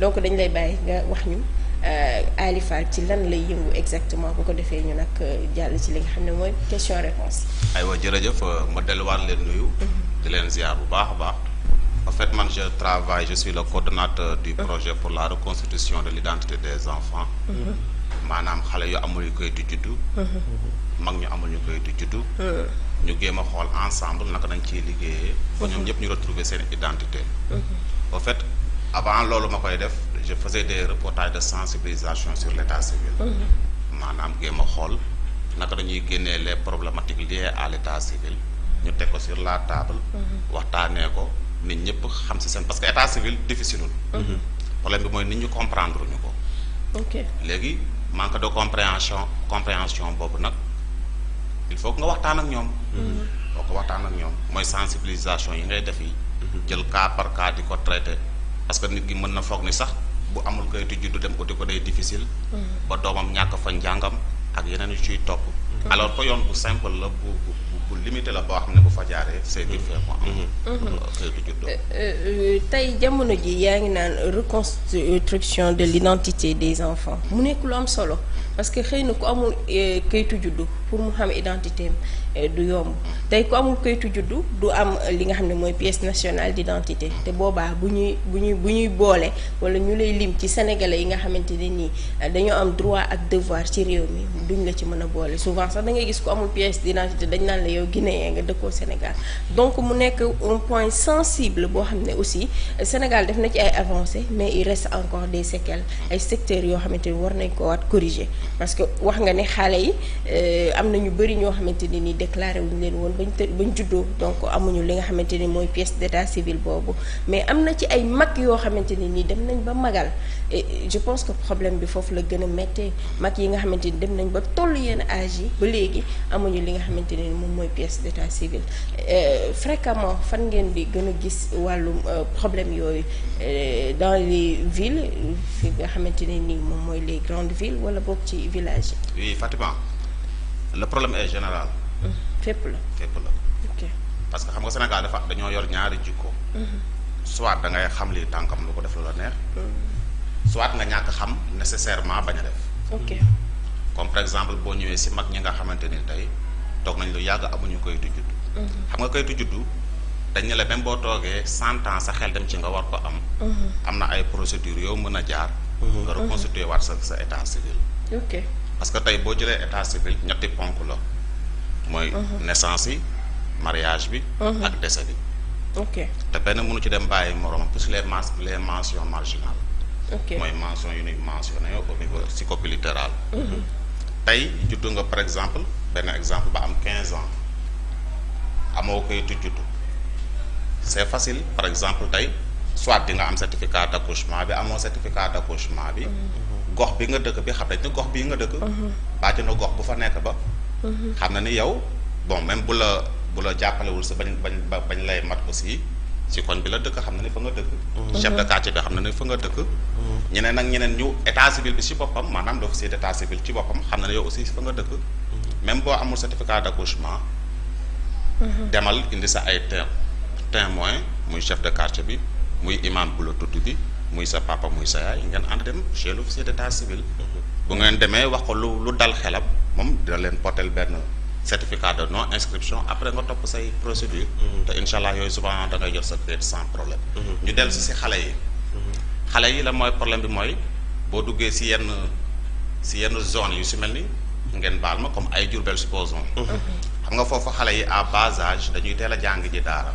donc dañ lay bàyyi nga wax ñu euh, Ali Fall ci lan lay yëngu exactement bu ko defee ñu nag euh, jàll ci li nga xam ne mooy question réponse aywa jërëjëf euh, ma delluwaat leen nuyu. Mm-hmm. di leen ziar bu baax a baax. en fait man je travaille je suis le coordonnateur du mm-hmm. projet pour la reconstitution de l'identité des enfants. Mm-hmm. maanaam xale yu amul ñu koy di juddu. mag ñu amul ñu koy di juddu. ñu géem a xool ensemble naka nañ ciy liggéeyee. ba ñoom ñëpp ñu retrouver seen identité. en fait avant loolu makoy def je faisais des reportages de sensibilisation sur l'état civil mhm. manam gema xol naka dañuy génnee les problématiques liées à l'état civil ñu teg ko sur la table mhm. waxtané ko nit ñëpp xam ci sen parce que état civil difficile mhm. problème bi mooy nit ñu comprendre ñu ko ok légui manque de compréhension compréhension bobu nak il faut que nga waxtaan ak ñom boo ko waxtaan ak ñom moy sensibilisation yi ngay def yi jël cas par cas diko traiter traiter parce nit gi mën na foog ni sax bu amul koy kayitu du dem uti ko day difficile. Mm. ba doomam ñàkk fa njàngam ak yeneen yu ciy topp. Mm. alors que yoon bu simple la bu bu limité la boo xam ne bu fa jaaree. c'est difficile mu am. kayitu juddu. Euh, euh, tey jamono ji yaa ngi naan reconstruction de l'identité des enfants mu nekk lu am solo parce que xeyna na eh, eh, ku amul kayitu juddu pour mu identité amul juddu am li nga pièce nationale d'identité te boba, buñuy buñuy buñuy un am droit ak devoir ci réew souvent sax da pièce d'identité dañ donc mu un point sensible boo xam aussi Sénégal def na mais il reste encore des séquelles ay secteurs yoo xamante parce que wax nga ni xalé yi euh amna ñu bari ñoo xamanteni ni déclaré wuñ leen won bañ bañ juddoo donc amuñu li nga xamanteni moy pièce d'état civil bobu mais amna ci ay mak yo xamanteni ni dem nañ ba magal et je pense que problème bi fofu la gëna metté mak yi nga xamanteni dem nañ ba tollu yenn âge ba légui amuñu li nga xamanteni mom moy pièce d'état civil euh, fréquemment fan ngeen bi gëna a gis wàllum euh, problème yoyu euh, dans les villes fi nga xamanteni ni mom moy les grandes villes wala boog ci village oui Fatima le problème est général. Hum, fépp la ok parce que xam nga Sénégal dafa dañoo yor ñaari jikko. Hum. soit da ngay xam li tànkam lu def la neex. Hum. soit nga ñàkk xam nécessairement bañ def. ok comme par exemple boo si mak ñi nga xamante tok tey toog nañ lu yàgg amuñu kayitu juddu. xam nga kayitu juddu dañ la même boo toogee cent ans sa xel dem ci nga war ko am. am na ay procédures yow mën a jaar. nga reconstituer sa état civil ok parce que tay bo jëlee état civil ñetti ponk la moy mhm. naissance mariage bi. Mhm. ak décès bi. ok te peine mënu ci dem baye morom plus les mas, les mentions marginales. ok moy mention yu ñuy mentionné au niveau psychopilitéral. Mhm. tay juddu nga par exemple ben exemple ba am 15 ans amoo kayitu juddu c'est facile par exemple tay soit di nga am certificat d'accouchement bi amo certificat d'accouchement bi. gox bi nga dëkk bi xam nañ ne gox bii nga dëkk. Mhm. na gox bu fa nekk ba. Mhm. xam na ni yow bon même bu la bu la jàppalewul sa bañ bañ bañ lay mat aussi si koñ bi la dëkk xam na ni fa nga dëkk. Mhm. chef de quartier bi xam na ni fa nga dëkk. ñeneen ak ñeneen ñu état civil bi ci boppam maanaam l'officier d'état civil ci boppam xam na ne yow aussi fa nga dëkk. même boo amul certificat d'accouchement. demal indi sa ay témoin muy chef de quartier bi muy imam bu la tudd bi. muy sa papa muy sa yaay ngeen ànd dem chez l'officier d'état civil bu ngeen demee wax ko lu lu dal xelam moom dina leen porter benn certificat de non inscription après nga topp say procédure mm-hmm. te incha yooyu souvent dangay ngay jot sa kayit sans problème mm-hmm. ñu dellu si si xale yi mm-hmm. xale yi la mooy problème bi mooy boo duggee si yenn si yenn zone yu si mel ni ngeen baal ma comme ay Diourbel supposons xam nga foofu xale yi à bas âge dañuy teel a jàng ji daara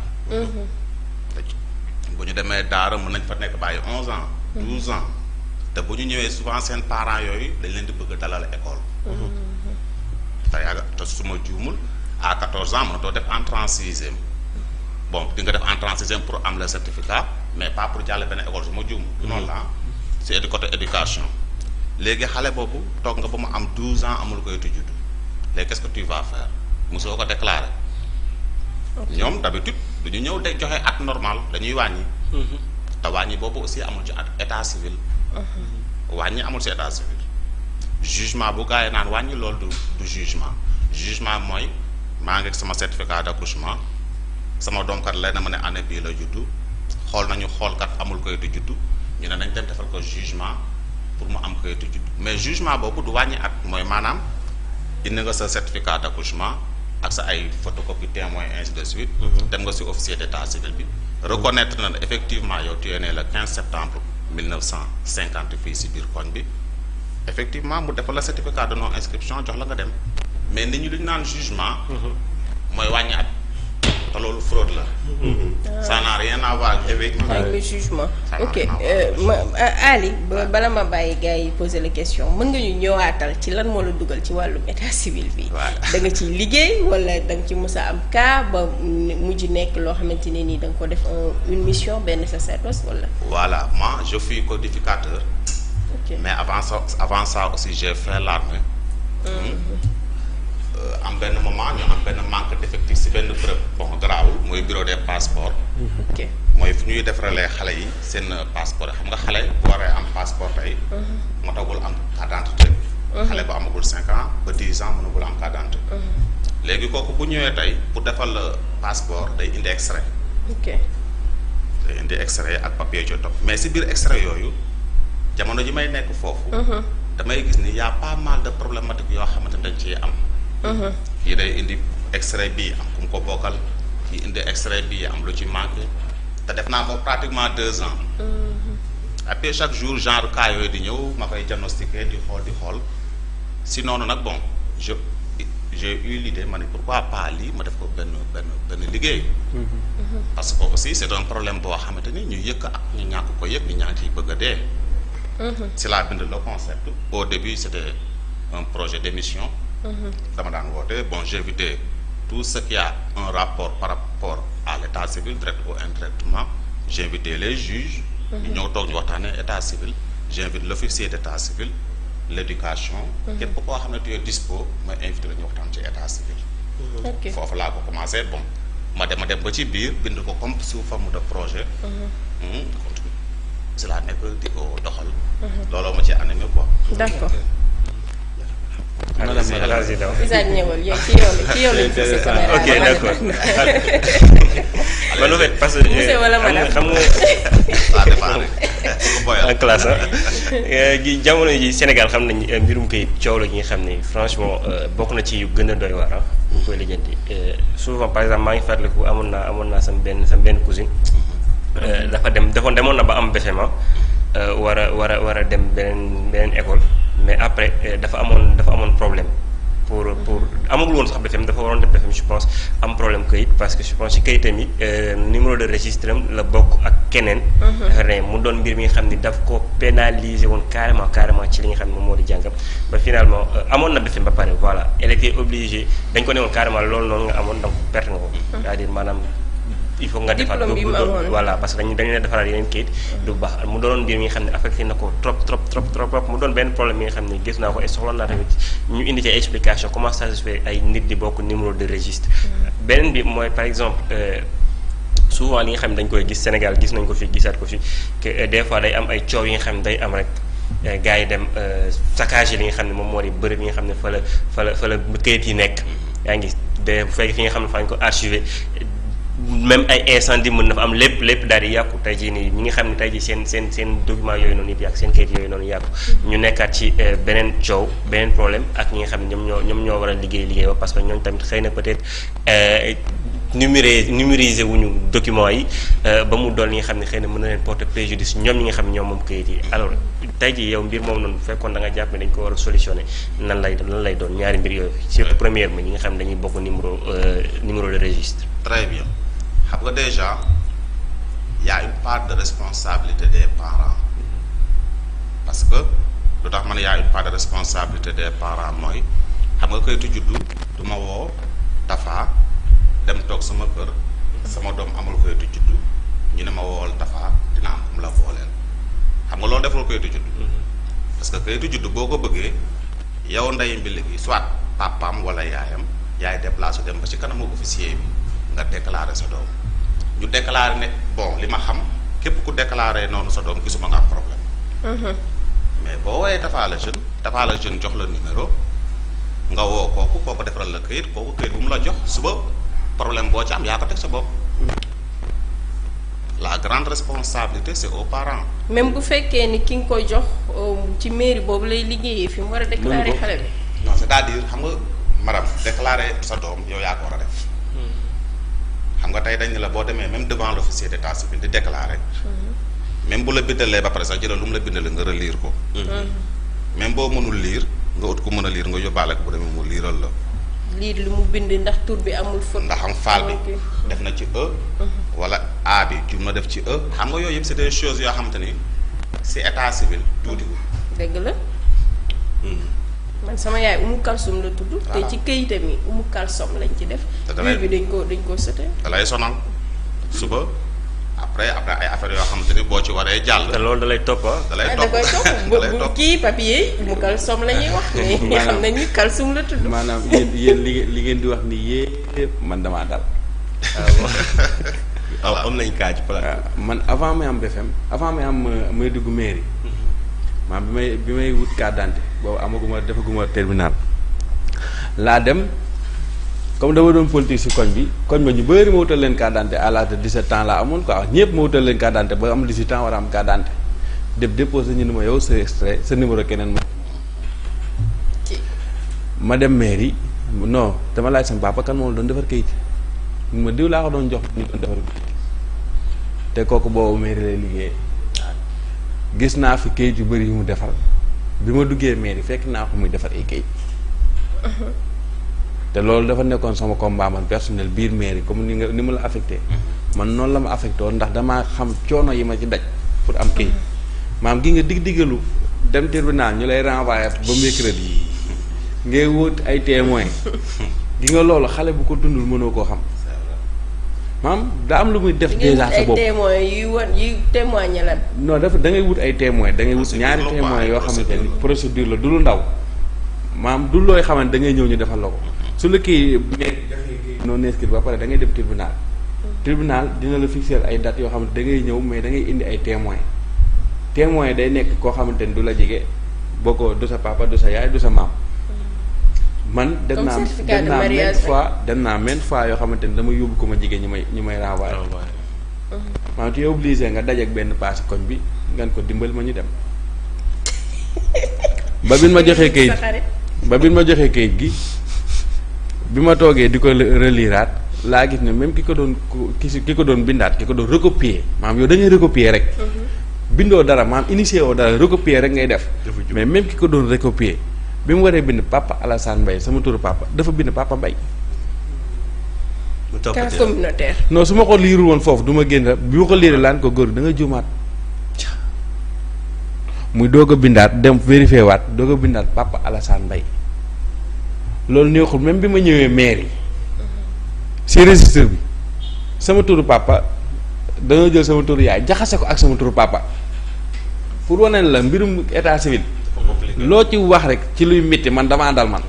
bu ñu demee daara mën nañ fa nekk bàyyi 11 ans 12 ans te bu ñu ñëwee souvent seen parents yooyu dañ leen di bëgg dalal école te yàgg te su ma juumul à 14 ans mënatoo def entrée en sixième bon di nga def entrée en sixième pour am le certificat mais pas pour jàll benn école su ma juum noonu mm-hmm. la c'est du côté éducation léegi xale boobu toog nga ba mu am 12 ans amul koy juddu léegi qu'est-ce que tu vas faire mosoo ko déclarer ñoom d'habitude duñu ñëw de joxe at normal dañuy wañi hmm ta wañi bobu aussi amul ci état civil hmm wañi amul ci état civil jugement bu gaay naan wañi lool du du jugement jugement moy ma nga sama certificat d'accouchement sama dom kat lay na mané ané bi la juddu xol nañu xol kat amul koy kayitu juddu ñu ne nañ dem defal ko jugement pour mu am koy kayitu juddu mais jugement bobu du wañi at moy manam indi nga sa certificat d'accouchement Axe, ay photocopie témoin ainsi de suite mhm. dem au officier d'état civil bi reconnaître effectivement yow tu es né le 15 septembre 1950 ici, Effectivement, bi effectivement mu defal la certificat de non inscription jox la mais nit lu jugement mhm te fraude la. Mm-hmm. ça n'a rien à voir avec le jugement ok euh, euh, Ali bala ma baye gars yi poser la question mën nga ñu ñëwaatal ci lan mo la duggal ci walu état civil bi. da nga ci liggéey wala da nga ci mës a am cas ba mujj nekk lo xamante ni da nga ko def une mission benn sacerdoce wala. voilà moi je suis codificateur. ok mais avant ça avant ça aussi j'ai fait l'armée. Ah, hmm? Euh, am benn moment ñu am benn manque d'effectif si benn bërëb bon garaawul mooy bureau de passeports mm-hmm. ok mooy fu ñuy defaralee xale yi seen passeport xam nga xale bu waree am passeport tey ma mm-hmm. tagul am carte d'identité mm-hmm. xale amagul cinq ans ba dix ans mënagul am carte léegi kooku bu ñëwee tey pour defal passeport day indi extrait ok day indi extrait ak papier ci mais si biir extrait yooyu jamono ji may nekk foofu damay gis ni y a pas mal de problématique yoo xamante dañ ciy am il puis indi extrait bi am ko bokal indi extrait bi am lu ci def pratiquement deux ans mhm. chaque jour genre cas di ñew ma di di bon je j'ai eu l'idée mais pourquoi pas li ma def ko mhm. parce que aussi c'est un problème ñu ko bëgg a mhm. C'est la le concept au début c'était un projet d'émission Mhm. dama daan woote bon j'invite tout ce qui a un rapport par rapport à l'état civil direct ou indirectement j'invitais les juges mhm. ñu ñëw toog ñu waxtaanee état civil j'invite l'officier d'état civil l'éducation mhm. képp koo xam ne tu es dispo ma invite la ñu waxtaan ci état civil foofu laa ko commencé bon ma dem ma dem ba ci biir bind ko comme sous forme de projet hmm, continue si laa nekk di ko doxal looloo ma ci animé quoi d'accord madame eh, ok d'accord ba fait parce que. monsieur wala madame xam nga. en classe ji Sénégal xam nañ eh, mbirum kayit coow la gi nga xam ne franchement euh, bokk na ci gën a doy waar ah. ñu koy lijjanti euh, souvent par exemple maa amoon naa amoon naa sam benn sam benn cousine. Euh, dafa dem defoon demoon na ba am ah, a war a war a dem beneen beneen école. mais après euh, dafa amone dafa amone problème pour pour amagul won sax BFM dafa waroon def BFM je pense am problème kayit parce que je pense ci kayitam yi euh, numéro de registre le la bokk ak keneen. Mhm. ne mu doon bir mi xamni daf ko pénaliser won carrément carrément ci li nga xamni ne jangam ba finalement euh, amone na BFM ba pare voilà elle était obligée dañ ko néwon carrément loolu non nga amone donc perte nga mhm. c'est-à-dire il faut nga defar voilà parce que dañu dañu leen defaraat yeneen kayit du baax mu doon xam ne affecté na ko trop trop trop trop trop mu doon benn problème mi nga xam ne gis naa ko ñu indi ci ay explication comment ça ay nit di bokk numéro de registre mm-hmm. beneen bi mooy par exemple euh, souvent li nga xam ne dañ koy gis Sénégal gis nañ ko fi gisaat ko fi que euh, des fois day am ay coow yi nga xam ne day am rek euh, gars yi dem saccagé li nga xam ne moom moo di bërëb yi nga xam ne fa la fa la fa yi nekk mm-hmm. yaa ngi de bu fi nga xam ne faañ ko archivé même ay incendie mën na fa am lépp lépp daal di yàqu tey jii nii ñi ngi xam ne tey jii seen seen seen document yooyu noonu yëpp yàqu seen kayit yooyu noonu yàqu mm-hmm. ñu nekkaat ci euh, beneen coow beneen problème ak ñi nga xam ne ñoom ñoo ñoom ñoo war a liggéey liggéey parce que ñooñu tamit xëy na peut-être euh, numéré numériser wuñu document yi euh, ba mu dool li xam ne xëy na mën na leen porter préjudice ñoom ñi xam ne ñoom moom kayit yi alors tey jii yow mbir moom noonu bu fekkoon da nga jàpp ne dañ ko war a solutionné nan lay lan lay doon ñaari mbir yooyu surtout première bi ñi nga xam ne dañuy bokk numéro numéro de registre très bien xam nga déjà y a une part de responsabilité des parents parce que lu tax man y a une part de responsabilité des parents mooy xam nga koy tujj du ma woo tafa dem toog sama kër sama doom amul koy du ñu ne ma wool tafa dina am kum la fooleel xam nga loolu deful koy du parce que koy du boo ko bëggee yow ndey bi liggéey soit papam wala yaayam yaay déplacé dem ba ci kanamu officier bi nga déclarer sa doom ñu déclarer ne bon li ma xam képp ku déclarer noonu sa doom gisuma nga am problème. Mhm. mais boo woowee Tapha la jeune Tapha la jeune jox la numéro nga woo kooku kooku defaral la këyit kooku këyit bu mu la jox suba problème boo ci am yaa ko teg sa bopp. la grande responsabilité c'est au parents. même bu fekkee ni ki nga koy jox um, ci mairie boobu lay liggéeyee fi mu war a déclarer xale bi. non cest à diir xam nga madame déclarer sa doom yow yaa ko war def. xam nga tey dañ ne la boo demee même devant l' officier d' état civil di déclarer. Mm-hmm. même bu la bindalee ba pare sax jëlal lu mu la bindalee nga liir ko. Mm-hmm. même boo mënul liir nga ut ko mën a liir nga yóbbaale ko bu demee mu liiral la. lii lu mu bind ndax tur bi amul faute. ndax am faal bi def na ci e. Mm-hmm. wala a bi jum na def ci e. xam nga yooyu yëpp c' est des choses yoo xam te ni si état civil tuuti ko. dëgg la. Mm. man sama yaay umu kalsum la tudd. te ci këyitam yi umu kalsom lañ ci def. biir bi dañ koo dañ koo sëte. da lay sonal suba après ay affaires yoo xamante ni boo ci waree jàll. te loolu da lay topp ah. da lay ah, topp da koy kii papier umu kalsom la wax. mais maanaam yéen li ngeen di wax ni yéen man damaa dal. Ah, waaw am nañ kaa ci man avant may am BFM avant may am euh, may dugg mairie. maanaam mhm. bi may bi may wut carte d'identité boobu amaguma defaguma terminal laa dem comme dama doon politique si koñ bi koñ ba ñu bëri ma wutal leen carte d'identité à l'âge de 17 ans laa amoon quoi ñëpp ma wutal leen carte ba am 18 ans war a am carte d'identité dem déposé ñu ne ma yow sa extrait sa numéro keneen ma. dem mairie non dama laaj sama papa kan moom doon defar kayit ma diw laa ko doon jox ñu doon defar kayit te kooku boobu mairie lay liggéeyee ah. gis naa fi kayit yu bëri yu mu defar. bi ma duggee mairie fekk naa ko muy defar ay kayit te loolu dafa nekkoon sama combat man personnel biir mairie comme ni nga ni ma la affecté man noonu la ma affecté woon ndax damaa xam coono yi ma ci daj pour am kayit maam gi nga dig-digalu dem tribunal ñu lay renvoyé ba yi ngay wóot ay témoin gi nga loolu xale bu ko dundul mënoo koo xam maam da am lu muy def. déjà sa bopp non dafa da ngay wut ay témoins da ngay wut ñaari témoins yoo xamante ni procédure la du lu ndaw maam du looy xaman da ñëw ñu defal la ko su la kii noonu inscrit ba pare da ngay dem tribunal tribunal dina la fixer ay dates yoo xamante da ngay ñëw mais da ngay indi ay témoins témoins day nekk koo xamante ni du la jege boo ko du sa papa du sa yaay du sa maam man dem naa dem naa même fois dem naa même fois yoo xamante ni dama yóbbu ko ma jigéen ñi may ñi may raawaale oh, mhm. maanaam tu es obligé nga dajeeg benn paas koñ bi ngan ko dimbal ma ñu dem ba bin ma joxee kayit ba bin ma joxee kayit gi bi ma toogee di ko reliraat laa gis ne même ki ko doon ki ki ko doon bindaat ki ko doon recopier maanaam yow da ngay recopier rek mhm. bindoo dara maanaam initié woo dara recopier rek ngay def mais même ki ko doon recopier bi mu waree bind papa Alassane mbay sama turu papa dafa bind papa Mbaye. mu toppatee communautaire. su ma ko liiru woon foofu duma génn bi ma ko liiree laan ko góor da nga juumaat. muy doog a bindaat dem vérifié waat doog a bindaat papa Alassane mbay loolu neexul même bi ma ñëwee maire yi mhm. si registre bi sama turu papa da jël sama turu yaay jaxase ko ak sama turu papa pour wane la mbirum état civil. loo ci wax rek ci luy métti man damaa dal man.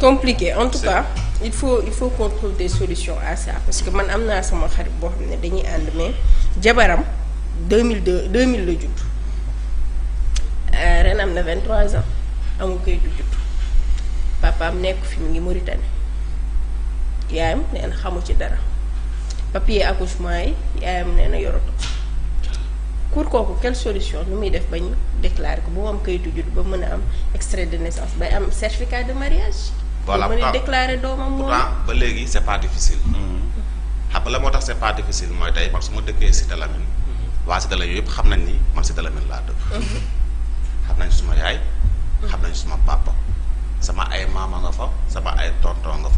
compliqué en tout cas. il faut il faut qu'on trouve des solutions à ça parce que man amna naa sama xarit bo xamné dañuy ànd mais jabaram 2002 2000 la judd euh, ren am na 23 ans Amou koy jout. judd papaam nekk fi ngi Mauritanie yaayam nee xamu ci dara papier accouchement yi yaayam nee na pour quelle solution nous muy def extrait de naissance bay am certificat de mariage. voilà mën a déclaré doomam pas difficile. Mm-hmm. xam la pas difficile mm-hmm. xam nañ ni mm-hmm. xam nañ suma xam nañ suma papa. sama ay nga fa sama ay tonton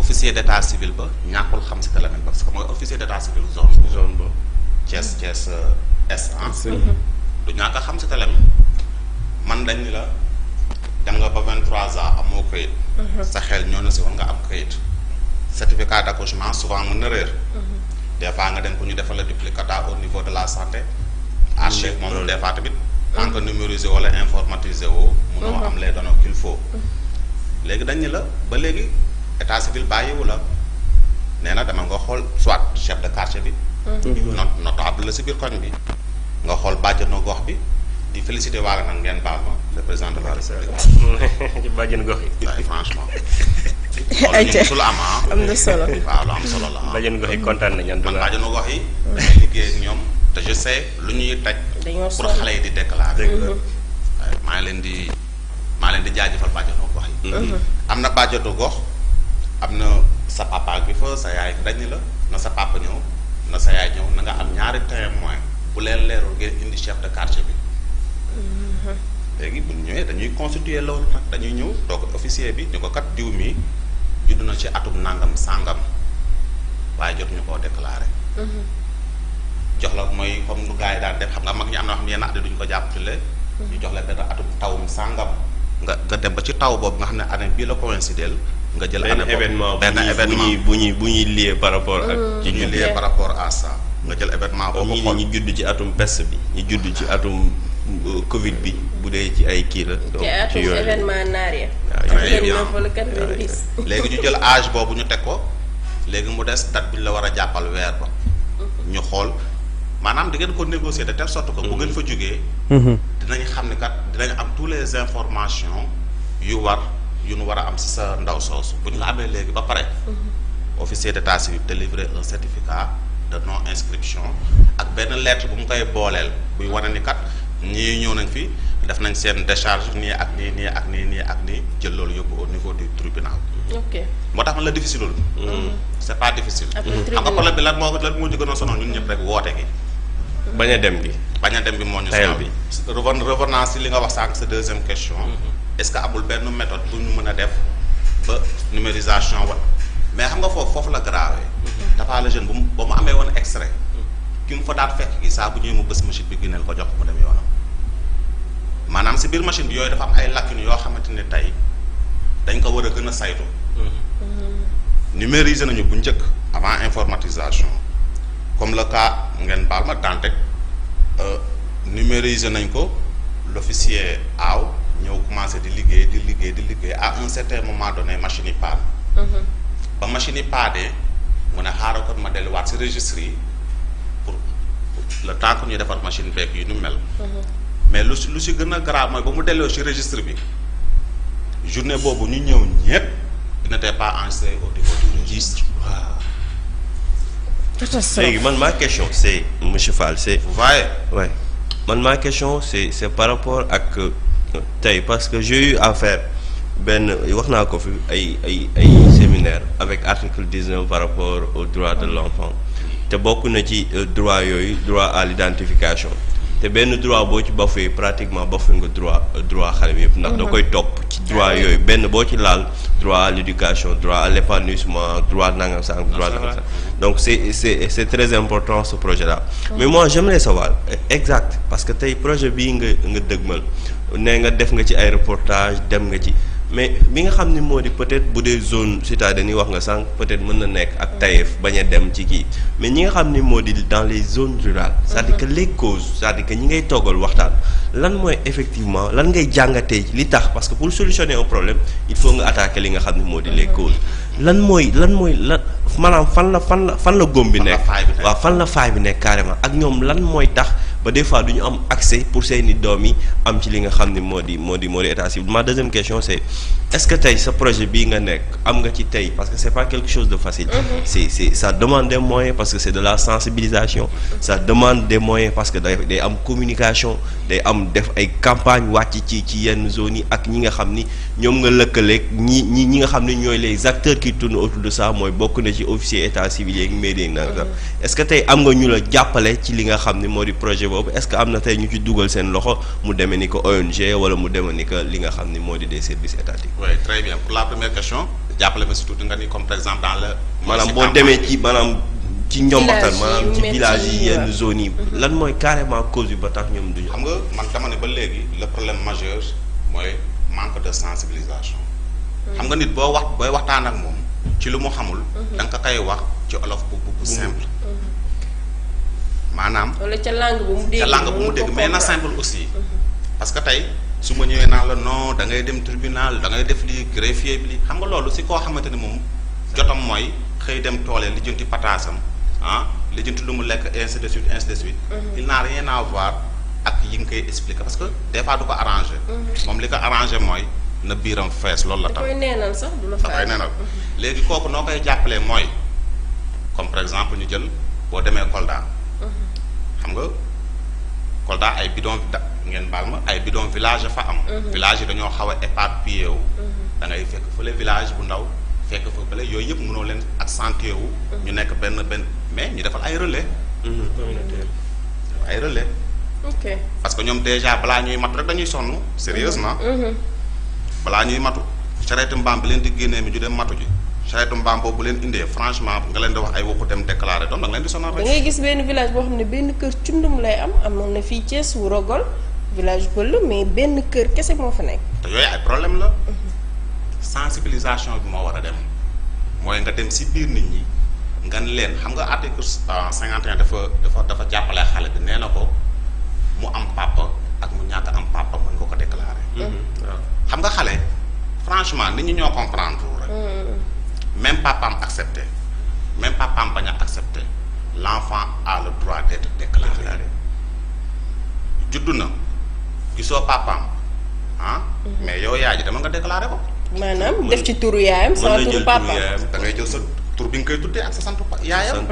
officier d'État civil ba ñàkkul xam parce que officier civil zone. zone euh, essence du ñàkk a xam si télé man dañ ni la dem nga ba vingt trois ans amoo këyit mhm. sa xel ñoo na si war nga am këyit certificat d' accouchement souvent mën na réer mhm. des fois nga dem ko ñu defal la duplicata au niveau de la santé mhm. archive moom des fois tamit tant que numérisé wala informatisé woo mënoo am les données qu'il faut léegi dañ ni la ba léegi état civil bàyyiwu la nee na dama nga xool soit chef de quartier bi not notable la si biir koñ bi nga xool bàjjenu gox bi di félicité waale nag ngeen baal ma le président de la république. ci bàjjenu gox am ah. am na solo waaw lu solo la ah. bàjjenu gox yi kontaan nañu. man gox yi. dañuy liggéey ñoom te je lu ñuy taj. pour xale yi di déclarer. maa ngi leen di maa leen di jaajëfal bàjjenu gox yi. Mm-hmm. Mm-hmm. am na bàjjenu gox am na sa papa bi fa sa yaay dañ la na sa papa ñëw na sa yaay ñëw na nga am ñaari témoin bu leen leerul ngeen indi chef de quartier bi léegi bu ñëwee dañuy constituer lool nag dañuy ñëw tok officier bi ñuko kat diw mi judd na ci atum nangam sangam way jot ñuko déclarer déclaré jox la moy comme nu gaay yi daan def xam nga mag ñi am na xam yenn at duñ ko jàppale ñu jox la benn atum tawum sangam nga nga dem ba ci taw bob nga xam ane bi la coïncider nga jël année boobu benn événement bu ñi bu ñi bu ñuy lié par rapport ak ci mm-hmm. ñu lié par rapport à ça nga jël événement boo ko xool ñi judd ci atum peste bi ñi judd ci atum euh, Covid bi bu dee ci ay kii la. donc ci yooyu événement léegi ñu jël âge boobu ñu teg ko léegi mu des date bi ñu la war a jàppal weer ba. Mhm. ñu xool maanaam di ngeen ko négocier de telle sorte que bu gën fa jógee. Mhm. dinañ xam ne kat dinañ am tous les informations yu war yu nu war a am si sa ndaw soosu bu ñu la amee léegi ba pare. Mhm. officier d'état civil délivrer un certificat. non inscription ak une lettre bu ngoy bolel buy kat ñi une nañ fi def nañ décharge ni ak ni ni ak ni ni ak au niveau du tribunal. ok moi difficile mm. c'est pas difficile. xam nga problème bi lan moko lan mo nous ñun rek gi. est-ce que amul méthode bu ñu numérisation mais xam nga foofu foofu la grave dafa la jeune bu mu ba mu amee woon extrait ki mu fa daat fekk gi saa bu ñëwee mu bës machine bi génneel ko jox mu dem yoonam maanaam si biir machine bi yooyu dafa am ay lacune yoo xamante ne tey dañ ko war a gën a saytu. Mm-hmm. numériser nañu bu njëkk avant informatisation comme le cas ngeen baal ma Dantec euh, numériser nañ ko l'officier aaw ñëw commencé di liggéey di liggéey di liggéey à un certain moment donné machine yi paal. Mm-hmm. ba machine yi paadee mu ne xaaral kon ma delluwaat si registre yi pour le temps que ñuy defar machine beeg yi nu mel. Mhm. mais lu si lu si gën a grave mooy ba mu delloo si registre bi journée boobu ñu ñëw ñépp n'était pas enregistré au niveau du registre. waaw. man ma question c'est monsieur Fall c'est. ouais. ouais. man ma question c'est c'est par rapport à que euh, parce que j'ai eu affaire ben wax naa ko fi ay ay ay avec article 19 par rapport aux droits de l'enfant te beaucoup na ci euh, droit à l'identification te le droit bo ci bafé pratiquement bafé nga droit euh, droit xalé bi ndax da mhm. koy top ci droit ah yoy ben bo ci lal droit à l'éducation droit à l'épanouissement droit nangam sang, ah, droit nangam donc c'est c'est c'est très important ce projet là mhm. mais moi j'aimerais savoir exact parce que tay projet bi nga nga deugmal né nga def nga ci ay reportage dem nga ci mais bi nga xam ni moo di peut-être bu dee zone citadine yi wax nga sànq peut-être mën na nekk ak Taïf bañ a dem ci kii mais ñi nga xam ni moo di dans les zones rurales c'est-à-dire que mm-hmm. les causes ñi ngay toggal waxtaan lan mooy effectivement lan ngay jàngatee li tax parce que pour solutionner un problème il faut nga attaquer li nga xam ni moo di lee causes lan mooy lan mooy lan maanaam fan la fan la fan la góom bi nekk waaw fan la faay bi nekk carrément ak ñoom lan mooy tax ba des fois nous avons accès pour seeni doom am ci li nga xamni modi modi modi état ma deuxième question c'est est ce que tay ce projet bien nga nek am nga ci tey parce que c'est pas quelque chose de facile. Mm-hmm. c'est c'est ça demande des moyens parce que c'est de la sensibilisation. ça demande des moyens parce que day day am communication day am def ay campagne wati ci ci yenn zone yi ak ñi nga xamni ni nga lëkkaleeg ñi ñi nga xamni ni les acteurs qui tournent autour de ça moy bokku na ci officier état civil yeeg mairie nag mm-hmm. est ce que tu am nga ñu la jappalé ci li nga xamni modi projet boobu est-ce que am na tey ñu ci dugal seen loxo mu demee ni ko ONG wala mu demee ni que li nga xam ni moo di des services étatiques. oui très bien pour la première question jàppale ma nga ni comme par exemple dans boo demee ci maanaam. ci njombatal maanaam ci village yi yenn zone yi. Mhm. lan mooy carrément cause bi ba tax ñoom duñu xam nga man tama ne ba léegi le problème majeur mooy manque de sensibilisation. Mhm. xam nga nit boo wax booy waxtaan ak moom ci lu mu xamul. Mhm. da nga ko wax ci olof maanaam. wala ca langue bu mu dégg ca langue bu mu dégg mais na simple aussi. Mhm. parce que tey su ma ñëwee naa la non dangay dem tribunal dangay def li greffier bi li xam nga loolu si koo xamante ne moom jotam mooy xëy dem toolee lijjanti pataasam ah lijjanti lu mu lekk ainsi de suite ainsi de suite. Mhm. il n'a rien à voir ak yi nga koy expliquer parce que des fois du ko arrangé. Mhm. moom li ko arrangé mooy na biiram fees loolu la. tam da koy neenal sax du la da koy neenal léegi kooku noo koy jàppalee mooy comme exemple ñu jël boo demee Kolda. xam nga Kolda ay bidon da ngeen baal ma ay bidon village fa am. Mhm. village yi dañoo xaw a éparpillé wu. Mhm. da ngay fekk fële village bu ndaw fekk fa bële yooyu yëpp mënoo leen accentué wu. Mhm. ñu nekk benn benn mais ñu defal ay relais. ay relais. ok parce que ñoom déjà balaa ñuy matu rek dañuy sonn sérieusement. balaa ñuy matu charette mbaam bi leen di génnee mi ju dem matu ji. saretu mbaam boobu leen indee franchement nga leen di wax ay waxu dem déclaré doom da nga leen di sonal rek. da ngay gis benn village boo xam ne benn kër cundum lay am amoon na fii Thiès wu Rogol village Pël mais benn kër kese moo fa nekk. te yooyu ay problème la. Mhm. sensibilisation bi moo war a dem mooy nga dem si biir nit ñi nga leen xam nga article 51 dafa dafa dafa jàppale xale bi nee na ko mu am papa ak mu ñàkk am papa mën ko ko déclaré. Mhm. xam nga xale franchement nit ñi ñoo comprendre même pas accepté même papa m'a accepté l'enfant a le droit d'être déclaré juddu non? gisoo papaam que ah? mhm. mais yow yaay dama nga déclaré ko maanaam def ci turu yaayam sama turu papaam da ngay jël sa que bi nga as ak sa santu yaayam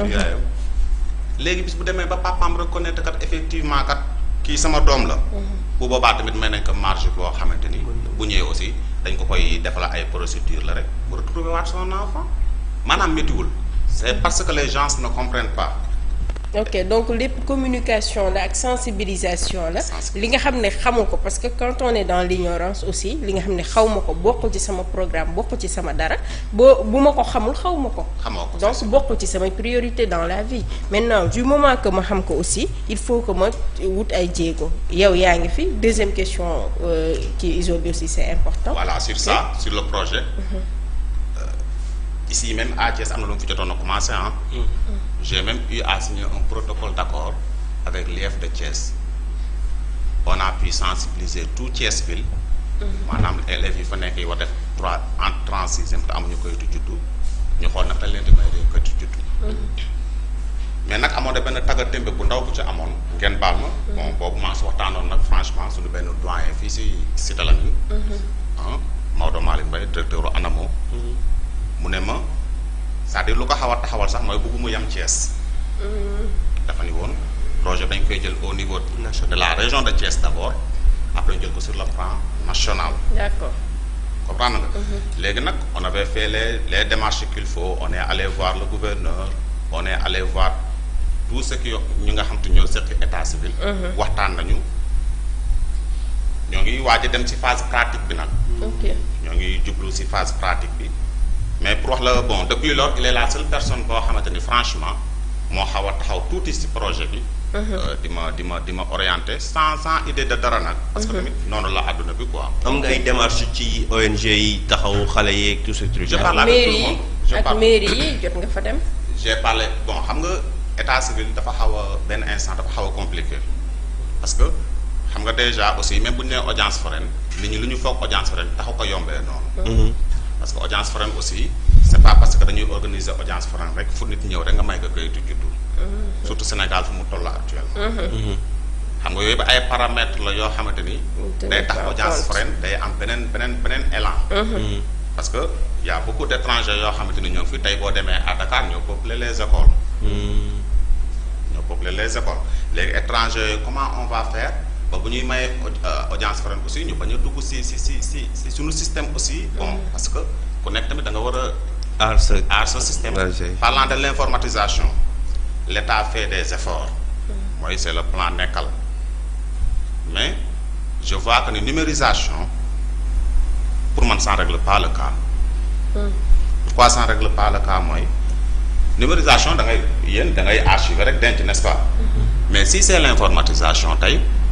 il bis bu demee ba papaam reconnaître kat effectivement kat ki sama dom la mhm. bu tamit marge aussi dañ ko koy ay procédure pour retrouver son enfant maanaam méttiwul c'est parce que les gens ne comprennent pas ok donc les communications la sensibilisation là, li nga ne parce que quand on est dans l'ignorance aussi li nga ne xaw ci sama programme bokkul ci sama dara beaucoup bu ma xamul donc ci priorité dans la vie maintenant du moment que ma aussi il faut que ma wut ay Diego. yow a ngi fi deuxième question euh, qui est aussi c'est important voilà sur ça sur le projet mhm. ici même à Thiès am na lu mu fi jotoon a commencé ah. j'ai même eu à signer un protocole d'accord avec l'IEF de Thiès on a pu sensibiliser tout Thiès ville. Mm. maanaam élèves yi fa nekk yi war trois en trente sixième te amuñu kayitu juddu ñu xool nag dañ leen di may kayitu juddu. Mm. mais nag amoon na benn taggatémbe bu ndaw bu ci amoon ngeen baal ma. bon boobu maa si waxtaanoon nag franchement suñu benn doyen fii si Cité Lamy. Mm-hmm. ah Maodo Malick Mbaye directeur ANAMO. Mm-hmm. mu c'est-à-dire lu ko xaw a taxawal sax mooy bëgguma yam Thiès. Mm-hmm. dafa ni woon projet dañ koy jël au niveau de la région de Thiès d'abord après jël ko sur le plan national. d'accord. comprendre nga. Mm-hmm. léegi on avait fait les les démarches qu'il faut on est allé voir le gouverneur on est allé voir tout ce qui ñu nga xam te ñoo seq état civil. Mm-hmm. waxtaan nañu ñoo ngi waaj a dem ci phase pratique bi nag. ok ñoo ngi jublu ci phase pratique bi mais pour le bon depuis lors il est la seule personne qui m'a dit franchement moi, xaw a tout tuuti projet bi. Mhm. Euh, di ma orienté sans sans idée de dara parce que mhm. tamit noonu la àdduna bi quoi. Comme nga ay démarches ci ONG yi taxaw xale yeeg tout ce truc. je parle avec tout le monde je parle mairie yi nga fa dem. j'ai parlé bon xam nga état civil dafa xaw a benn instant dafa xaw compliqué parce que xam nga déjà aussi même bu ñu une audience foraine nit ñi lu ñu foog audience foraine taxu ko yombee noonu. Mhm parce que l'audience foraine aussi ce n'est pas parce que nous organisons l'audience foraine rek Fournit nit nous rek nga may ko kayitu juddu. Mm-hmm. surtout Sénégal fu mu toll actuellement. Mm-hmm. Mm-hmm. xam nga a ba ay paramètres la yoo xamante ni. day tax audience foraine day am beneen beneen élan. parce que y' a beaucoup d'étrangers, étrangers yoo xamante ni ñoo ngi fi tey boo nous, à Dakar ñoo peupler les écoles. ñoo peupler les écoles Les étrangers comment on va faire ba bu ñuy maye euh, audience foraine aussi ñu bañ a dugg si si suñu système aussi bon mm. parce que connecter, nekk tamit da nga système parlant de l'informatisation l'état fait des efforts c'est mm. c'est le plan NECAL mais je vois que la numérisation pour moi, ça ne règle pas le cas mm. pourquoi ça ne règle pas le cas la numérisation da ngay yéen da ngay n'est-ce pas mm-hmm. mais si c'est l'informatisation tey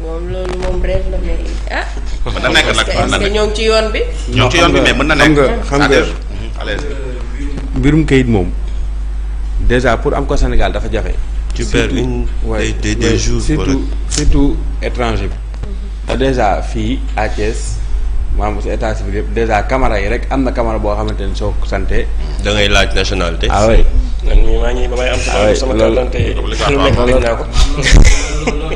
moom loolu moom rêve la mais ah. mën na nekk nag mën na nekk ñoo ngi ci yoon bi. ñoo ngi ci yoon bi mais mën na nekk xam nga xam nga. Euh, mbirum kayit moom déjà pour am ko Sénégal dafa jafe. ci perte bi waaye des des jours surtout surtout étranger bi. te déjà fii à Thiès maanaam si état civil yëpp déjà caméra yi rek am na caméra boo xamante ni soo ko santee. da ngay laaj nationalité. ah oui man mii maa ngi ba may am. ah oui loolu sama carte d'identité.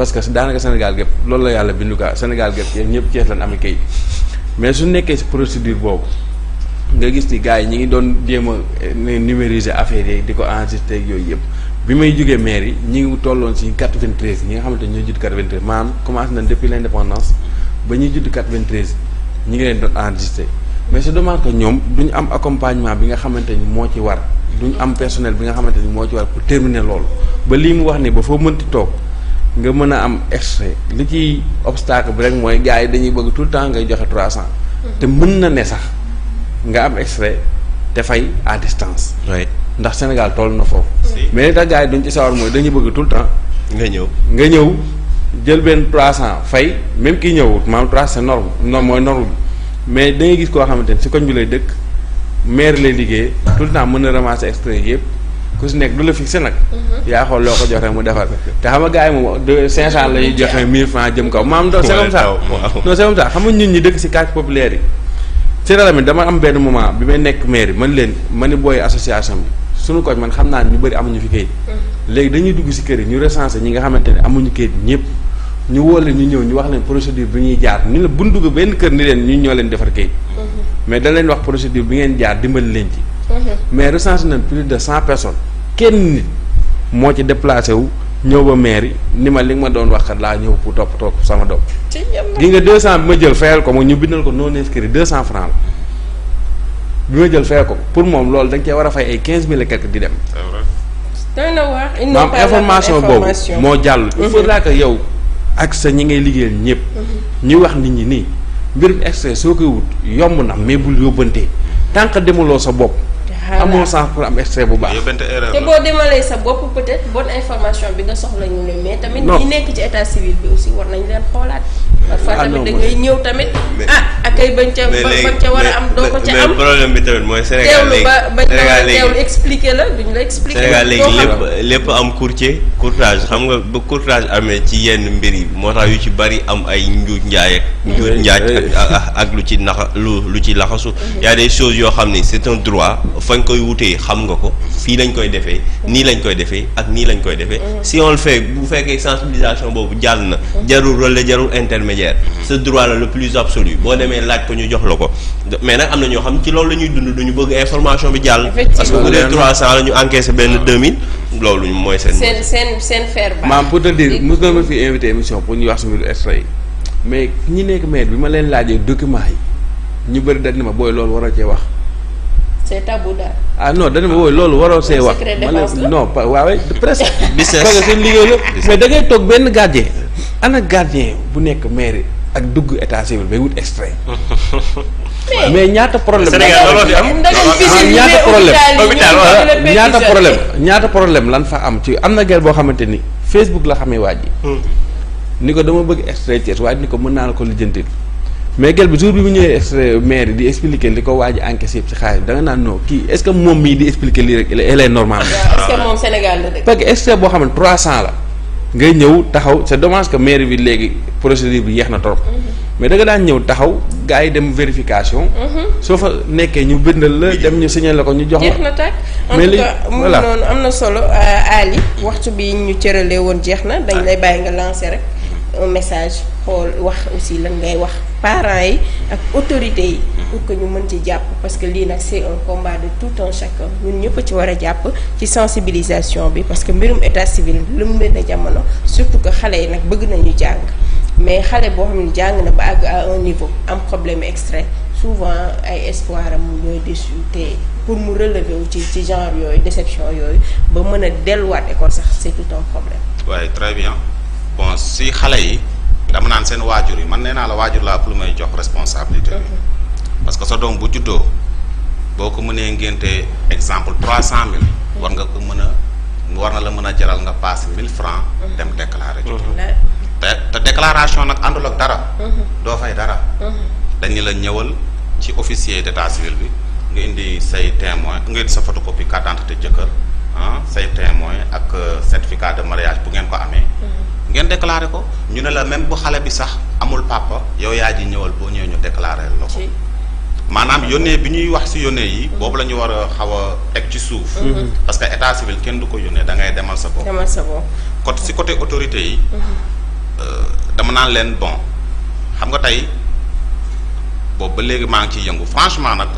parce que daanaka Sénégal gépp loolu la yàlla bindu kaa Sénégal gépp yéen ñëpp Cees lan amee kayit mais su nekkee si procédure boobu nga gis ni gars yi ñi ngi doon jéem a eh, numériser affaire yi di ko enregistrer yooyu yëpp bi may jógee maire yi ñi ngi tolloon si 93 ñi nga xamante ñoo judd 93 maanaam commencé nañ depuis l' indépendance ba ñuy judd 93 ñi ngi leen doon enregistrer mais c'est dommage que ñoom duñu am accompagnement bi nga xamante ni moo ci war duñu am personnel bi nga xamante ni moo ci war pour terminer loolu ba lii mu wax ni ba foo mënti toog nga mën a am extrait li ciy obstacle bi rek mooy gars yi dañuy bëgg tout le temps ngay joxe trois cent hmm. te mën na ne sax nga am extrait te fay à distance ndax Sénégal tool na foofu hmm. mais li tax gars yi duñ ci sawar mooy dañuy bëgg tout le temps nga ñëw nga ñëw jël benn trois cent fay même kii ñëw maanaam trois cent norme norme mooy norme mais da gis koo xamante ne si koñ bi lay dëkk maire lay liggéey tout le temps mën na ramasser extrait yëpp ku si nekk du la fixé nag. yaa xool loo ko joxe mu defar te xam nga gars yi moom deux la ñuy joxe mille francs jëm kaw maam. waaw waaw waaw non c'est xam nga ñun ñi dëkk si quartier populaire yi. ci rajo dama am benn moment bi may nekk maire man leen ma ni booy association bi suñu koñ man xam naa ñu bëri amuñu fi kayit. Mm-hmm. léegi dañuy dugg si kër ñu recensé ñi nga xamante ne amuñu kayit ñëpp. ñu woo ñu ñëw ñu wax leen procédure bi ñuy jaar ni la bu dugg benn kër ni leen ñu ñoo leen defar kayit. Mm-hmm. mais dañ leen wax procédure bi ngeen jaar dimbali leen ci. Mm-hmm. mais recensé nañ plus de cent personnes kenn nit moo ci déplacé wu ñëw ba mairie ni ma li nga ma doon wax kat laa ñëw pour toppatoo sama doom. gi nga 200 bi ma jël fayal ko ma ñu bindal ko non inscrit 200 francs la bi ma jël fayal ko pour moom loolu da nga cee war a fay ay quinze et quelque di dem. doy na waar information boobu moo jàll. il mhm. faudra yow ak sa ñi ngay liggéeyal ñëpp. Mhm. ñu wax nit ñi nii mbirum extrait soo koy wut yomb na mais bul yóbbante tant que demuloo sa bopp. amoo sens pour am extrait bu baax. te boo demalee sa bopp peut-être information bi nga soxla ñu ne mais tamit. ñi nekk ci état civil bi aussi war nañ leen xoolaat. Ah, parfois tamit da ñëw tamit. ah akay bañ ca a am doo ko ca lépp lépp am courtier courtage xam nga ba courtage amee ci yenn mbir yi moo yu ci bari am ay njuuj njaay njuuj njaaj ak lu ci naxa ci laxasu. Mhm. y a des yoo xam ni c'est droit fañ lañ koy wutee xam nga ko fii lañ koy defee nii lañ koy defee ak nii lañ koy defee mm-hmm. si on le fait bu fekkee sensibilisation boobu jàll na mm-hmm. jarul relais jarul intermédiaire mm-hmm. ce droit la le plus absolu boo demee laaj ko ñu jox la ko mais nag am na ñoo xam ci loolu la ñuy dund duñu bëgg information bi jàll parce que bu dee trois cent la ñu benn ah. deux loolu mooy seen seen seen seen faire maam pour te dire mos na ma fi invité émission pour ñu wax suñu extrait yi mais ñi bi ma leen laajee document yi ñu bëri dañ ne ma booy loolu war a wax ah non dañu wooy loolu waro sé wax. non pa waawe presse business parce que seen ligue la mais da ngay tok ben gardien ana gardien bu nek maire ak dugg état civil bay wut extrait. mais ñaata problème. Sénégal looloo fi am ah, ñaata problème ñaata problème ñaata problème lan fa am ci amna guerre bo xamanteni Facebook la xamé waji hmm. niko dama bëgg extrait ci waaye niko mëna la ko lijjantil. mais gel bi jour bi mu ñëwee euh, maire di expliquer li ko waaj a encaissé yëpp ci xaalis da nga naan non kii est ce que moom mii di expliquer lii rek elle est normale. Ah, est moom Sénégal la dëkk. parce que boo xam ne 300 la ngay ñëw taxaw c' est dommage que maire bi léegi procédure bi yeex na trop. Mhm. mais da nga daan ñëw taxaw gars yi dem vérification. Mhm. soo fa nekkee ñu bindal la dem ñu signé la ko ñu jox la. jeex na tàkk en tout cas mu am na solo euh, Ali waxtu bi ñu cëralee woon jeex na dañ lay bàyyi nga lancé rek. un message xool wax aussi lan ngay wax parents yi ak autorités yi pour que ñu mën ci jàpp parce que lii nag c'est un combat de tout un chacun ñun ñëpp ci war a jàpp ci sensibilisation bi parce que mbirum état civil lëmbe na jamono surtout que xale yi nag bëgg nañu jàng mais xale boo xam ne jàng na ba àgg à un niveau am problème extrait souvent ay espoir am ñooy déçu te pour mu relever wu ci ci genre yooyu déception yooyu ba mën a delluwaat école sax c'est tout un problème waaye très bien bon si xale yi dama naan seen waajur yi man nee naa la waajur laa pour may jox responsabilité bi parce que sa doom bu juddoo boo ko mënee ngénte exemple trois cent mille war nga ko mën a war na la mën a jaral nga passe mille francs dem déclarer te te déclaration nag àndul ak dara doo fay dara dañu la ñëwal ci officier d'état civil bi nga indi say témoin nga indi sa photocopie carte d'identité ñu ne la même bu xale bi sax amul papa yow yaa ji ñëwal boo ñëwee ñu déclaré la ko maanaam yónnee bi ñuy wax si yónnee yi boobu la ñu war a xaw a teg ci suuf mhm. Mhm. parce que état civil kenn du ko yónnee da ngay demal sa bopp demal sa bopp côté si côté autorité yi mhm. euh, dama naan leen bon xam nga tey boobu ba léegi maa ngi ciy yëngu franchement nag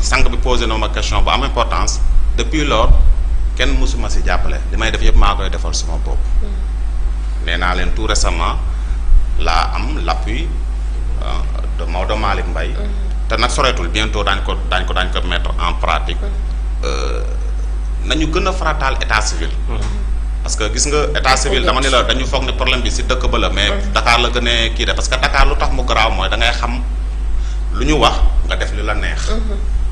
sànq bi posé na ma question bu am importance depuis lors kenn mësuma si jàppale li may def yëpp maa koy defal suma bopp nee naa leen tout récemment laa am l'appui moo euh, Maodo Malick Mbaye mm-hmm. te nag soreetul bientôt daañ ko daañ ko daañ ko mettre en pratique mm-hmm. euh, nañu gën a farataal état civil mm-hmm. parce que gis nga état civil dama ne la dañu foog ne problème bi si dëkk ba la mais Dakar la gën a kii de parce que Dakar lu tax mu garaaw mooy da ngay xam lu ñu wax nga def li la neex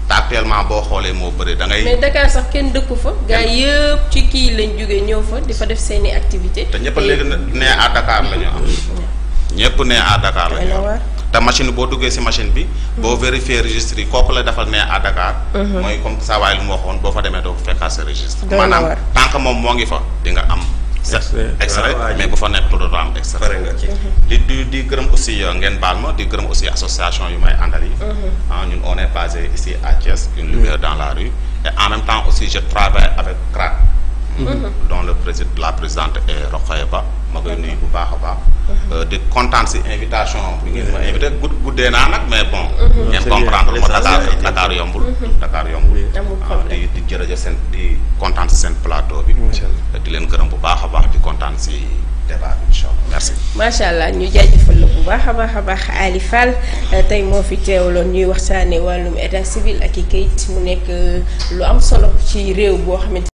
te actuellement boo xoolee moo bëri da ngay. mais sax kenn dëkku fa. gaa yëpp ci kii lañ jógee ñëw fa di fa def seeni activité te ñëpp léegi ne à Dakar la ñu am. ñëpp ne à Dakar la ñu am. te machine boo duggee si machine bi. boo mm-hmm. vérifier registre yi kooku la defal ne à Dakar. Mm-hmm. mooy comme saa waay lu mu waxoon boo fa demee doo fekkaat sa registre. maanaam tant que moom moo ngi fa di nga am. C'est mais vous fa un programme, excellent. extrait di di aussi l'association euh, Balma, ma di aussi association yu may mm-hmm. ah, on est basé ici à Thiès une lumière dans la rue et en même temps aussi je travaille avec CRAC mm-hmm. dont le président la présidente est Rokhaya ma koy nuyu bu baax a baax. Mhm. Euh, di kontaan si invitation bi ngeen ma mhm. invité gudd guddee naa nag mais bon. Mhm. ngeen comprendre ma Dakar Dakar yombul. Dakar yombul ah, di a jërëjëf seen di kontaan si seen plateau bi. Euh, di leen gërëm bu baax a baax di kontaan si. débat incha allah merci. macha allah ñu jaajëfal la bu baax a baax a baax Ali Fall euh, tey moo fi teewloon ñuy waxtaanee wàllum état civil ak i kayit mu nekk lu am solo ci réew boo xamante.